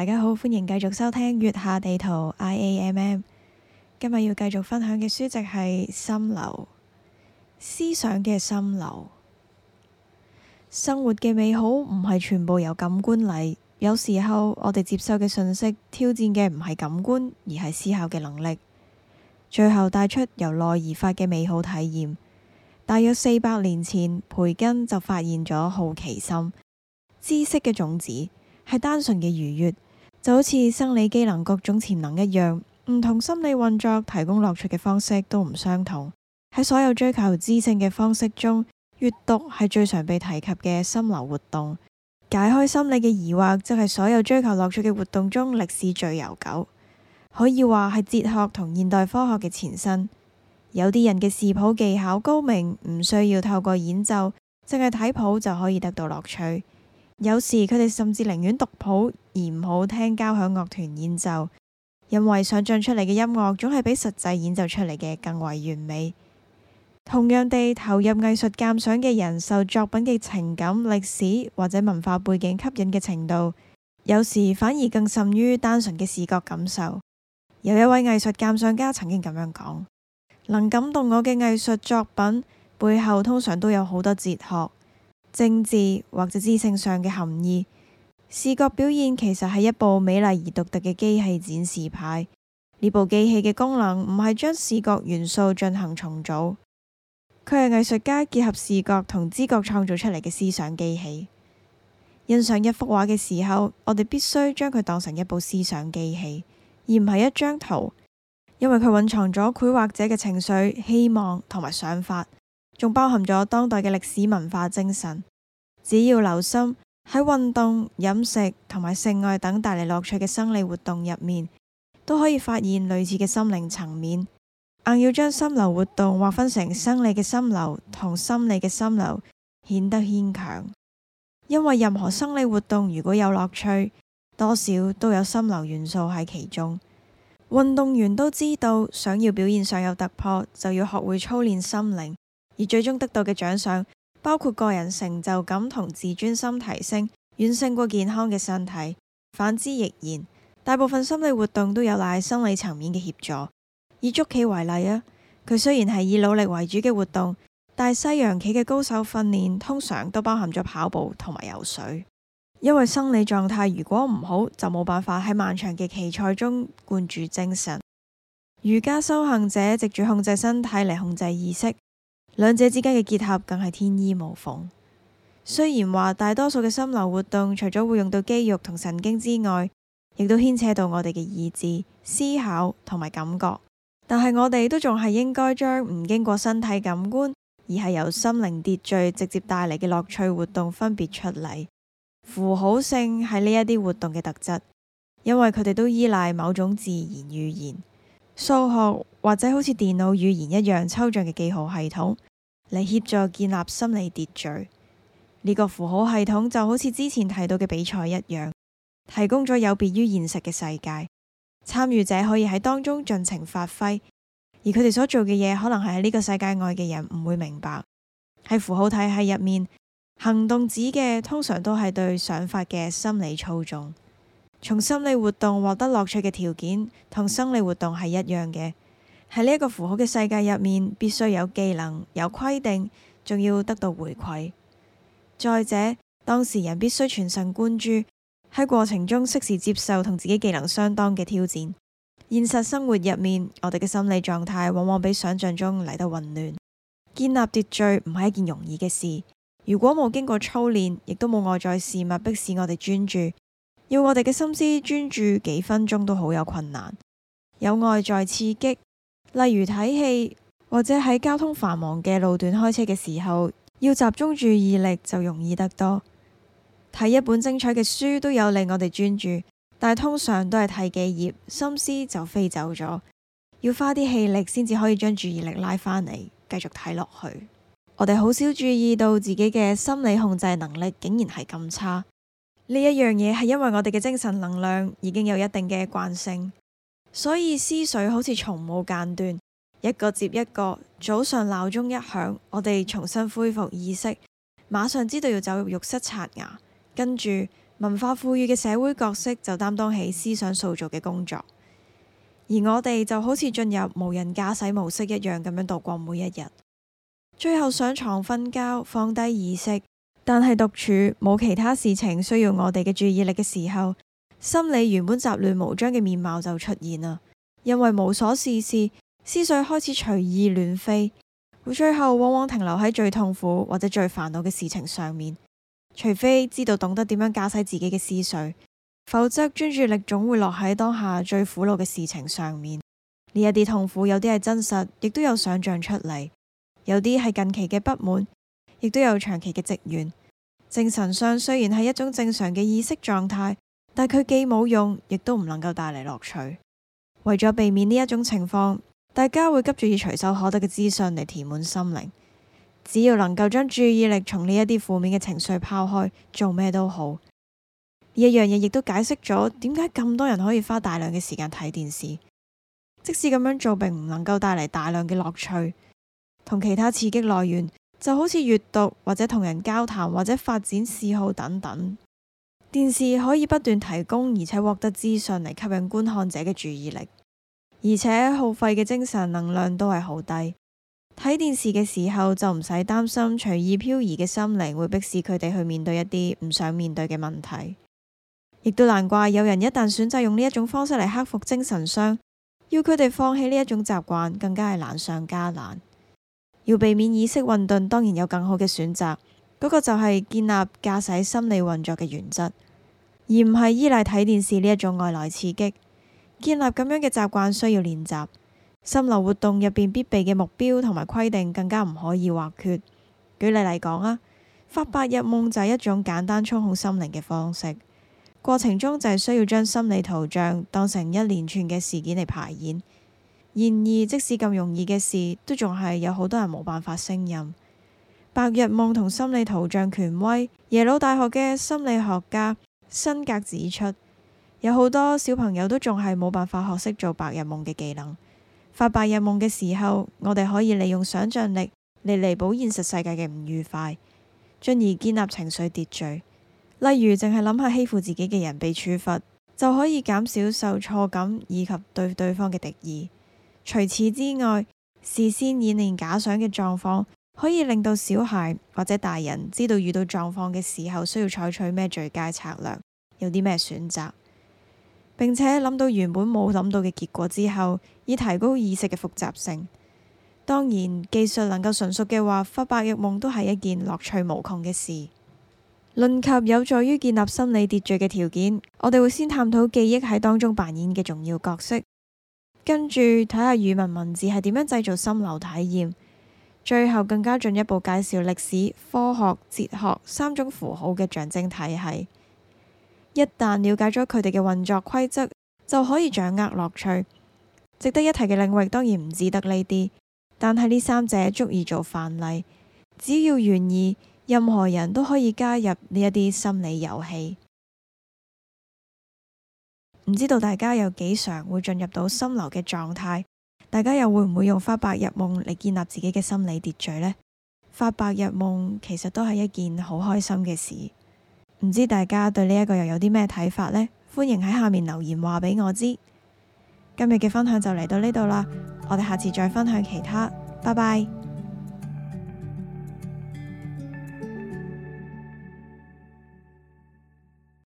大家好，歡迎繼續收聽《月下地圖 I A M M》。今日要繼續分享嘅書籍係《心流》，思想嘅心流，生活嘅美好唔係全部由感官嚟。有時候我哋接受嘅信息，挑戰嘅唔係感官，而係思考嘅能力。最後帶出由內而發嘅美好體驗。大約四百年前，培根就發現咗好奇心，知識嘅種子係單純嘅愉悦。就好似生理機能各種潛能一樣，唔同心理運作提供樂趣嘅方式都唔相同。喺所有追求知性嘅方式中，閱讀係最常被提及嘅心流活動。解開心理嘅疑惑，就係所有追求樂趣嘅活動中歷史最悠久，可以話係哲學同現代科學嘅前身。有啲人嘅視譜技巧高明，唔需要透過演奏，淨係睇譜就可以得到樂趣。有時佢哋甚至寧願讀譜而唔好聽交響樂團演奏，因為想像出嚟嘅音樂總係比實際演奏出嚟嘅更為完美。同樣地，投入藝術鑑賞嘅人受作品嘅情感、歷史或者文化背景吸引嘅程度，有時反而更甚於單純嘅視覺感受。有一位藝術鑑賞家曾經咁樣講：「能感動我嘅藝術作品，背後通常都有好多哲學。」政治或者知性上嘅含義，視覺表現其實係一部美麗而獨特嘅機器展示牌。呢部機器嘅功能唔係將視覺元素進行重組，佢係藝術家結合視覺同知覺創造出嚟嘅思想機器。欣賞一幅畫嘅時候，我哋必須將佢當成一部思想機器，而唔係一張圖，因為佢蘊藏咗繪畫者嘅情緒、希望同埋想法。仲包含咗當代嘅歷史文化精神。只要留心喺運動、飲食同埋性愛等帶嚟樂趣嘅生理活動入面，都可以發現類似嘅心靈層面。硬要將心流活動劃分成生理嘅心流同心理嘅心流，顯得牽強。因為任何生理活動如果有樂趣，多少都有心流元素喺其中。運動員都知道，想要表現上有突破，就要學會操練心靈。而最終得到嘅獎賞包括個人成就感同自尊心提升，遠勝過健康嘅身體。反之亦然。大部分心理活動都有賴生理層面嘅協助。以捉棋為例啊，佢雖然係以努力為主嘅活動，但係西洋棋嘅高手訓練通常都包含咗跑步同埋游水，因為生理狀態如果唔好就冇辦法喺漫長嘅棋賽中灌注精神。瑜伽修行者藉住控制身體嚟控制意識。兩者之間嘅結合更係天衣無縫。雖然話大多數嘅心流活動除咗會用到肌肉同神經之外，亦都牽扯到我哋嘅意志、思考同埋感覺，但係我哋都仲係應該將唔經過身體感官，而係由心靈秩序直接帶嚟嘅樂趣活動分別出嚟。符號性係呢一啲活動嘅特質，因為佢哋都依賴某種自然語言、數學，或者好似電腦語言一樣抽象嘅記號系統。嚟協助建立心理秩序，呢個符號系統就好似之前提到嘅比賽一樣，提供咗有別於現實嘅世界，參與者可以喺當中盡情發揮，而佢哋所做嘅嘢可能係喺呢個世界外嘅人唔會明白。喺符號體系入面，行動指嘅通常都係對想法嘅心理操縱。從心理活動獲得樂趣嘅條件，同生理活動係一樣嘅。喺呢一個符號嘅世界入面，必須有技能、有規定，仲要得到回饋。再者，當事人必須全神貫注，喺過程中適時接受同自己技能相當嘅挑戰。現實生活入面，我哋嘅心理狀態往往比想象中嚟得混亂。建立秩序唔係一件容易嘅事。如果冇經過操練，亦都冇外在事物逼使我哋專注，要我哋嘅心思專注幾分鐘都好有困難。有外在刺激。例如睇戲或者喺交通繁忙嘅路段開車嘅時候，要集中注意力就容易得多。睇一本精彩嘅書都有令我哋專注，但係通常都係睇幾頁，心思就飛走咗，要花啲氣力先至可以將注意力拉返嚟繼續睇落去。我哋好少注意到自己嘅心理控制能力竟然係咁差。呢一樣嘢係因為我哋嘅精神能量已經有一定嘅慣性。所以思緒好似從冇間斷，一個接一個。早上鬧鐘一響，我哋重新恢復意識，馬上知道要走入浴室刷牙，跟住文化富裕嘅社會角色就擔當起思想塑造嘅工作，而我哋就好似進入無人駕駛模式一樣，咁樣度過每一日。最後上床瞓覺，放低意識，但係獨處冇其他事情需要我哋嘅注意力嘅時候，心理原本雜亂無章嘅面貌就出現啦，因為無所事事，思緒開始隨意亂飛，會最後往往停留喺最痛苦或者最煩惱嘅事情上面。除非知道懂得點樣駕駛自己嘅思緒，否則專注力總會落喺當下最苦惱嘅事情上面。呢一啲痛苦有啲係真實，亦都有想象出嚟；有啲係近期嘅不滿，亦都有長期嘅積怨。精神上雖然係一種正常嘅意識狀態。但佢既冇用，亦都唔能夠帶嚟樂趣。為咗避免呢一種情況，大家會急住以隨手可得嘅資訊嚟填滿心靈。只要能夠將注意力從呢一啲負面嘅情緒拋開，做咩都好。呢一樣嘢亦都解釋咗點解咁多人可以花大量嘅時間睇電視，即使咁樣做並唔能夠帶嚟大量嘅樂趣，同其他刺激來源就好似閱讀或者同人交談或者發展嗜好等等。電視可以不斷提供而且獲得資訊嚟吸引觀看者嘅注意力，而且耗費嘅精神能量都係好低。睇電視嘅時候就唔使擔心隨意漂移嘅心靈會迫使佢哋去面對一啲唔想面對嘅問題，亦都難怪有人一旦選擇用呢一種方式嚟克服精神傷，要佢哋放棄呢一種習慣更加係難上加難。要避免意識混沌，當然有更好嘅選擇。嗰個就係建立駕駛心理運作嘅原則，而唔係依賴睇電視呢一種外來刺激。建立咁樣嘅習慣需要練習，心流活動入邊必備嘅目標同埋規定更加唔可以或缺。舉例嚟講啊，發白日夢就係一種簡單操控心靈嘅方式，過程中就係需要將心理圖像當成一連串嘅事件嚟排演。然而，即使咁容易嘅事，都仲係有好多人冇辦法勝任。白日夢同心理圖像權威，耶魯大學嘅心理學家辛格指出，有好多小朋友都仲係冇辦法學識做白日夢嘅技能。發白日夢嘅時候，我哋可以利用想象力嚟彌補現實世界嘅唔愉快，進而建立情緒秩序。例如，淨係諗下欺負自己嘅人被處罰，就可以減少受挫感以及對對方嘅敵意。除此之外，事先演練假想嘅狀況。可以令到小孩或者大人知道遇到狀況嘅時候，需要採取咩最佳策略，有啲咩選擇，並且諗到原本冇諗到嘅結果之後，以提高意識嘅複雜性。當然，技術能夠純熟嘅話，發白日夢都係一件樂趣無窮嘅事。論及有助於建立心理秩序嘅條件，我哋會先探討記憶喺當中扮演嘅重要角色，跟住睇下語文文字係點樣製造心流體驗。最後更加進一步介紹歷史、科學、哲學三種符號嘅象徵體系。一旦了解咗佢哋嘅運作規則，就可以掌握樂趣。值得一提嘅領域當然唔止得呢啲，但係呢三者足以做範例。只要願意，任何人都可以加入呢一啲心理遊戲。唔知道大家有幾常會進入到心流嘅狀態？大家又會唔會用發白日夢嚟建立自己嘅心理秩序呢？發白日夢其實都係一件好開心嘅事，唔知大家對呢一個又有啲咩睇法呢？歡迎喺下面留言話俾我知。今日嘅分享就嚟到呢度啦，我哋下次再分享其他，拜拜。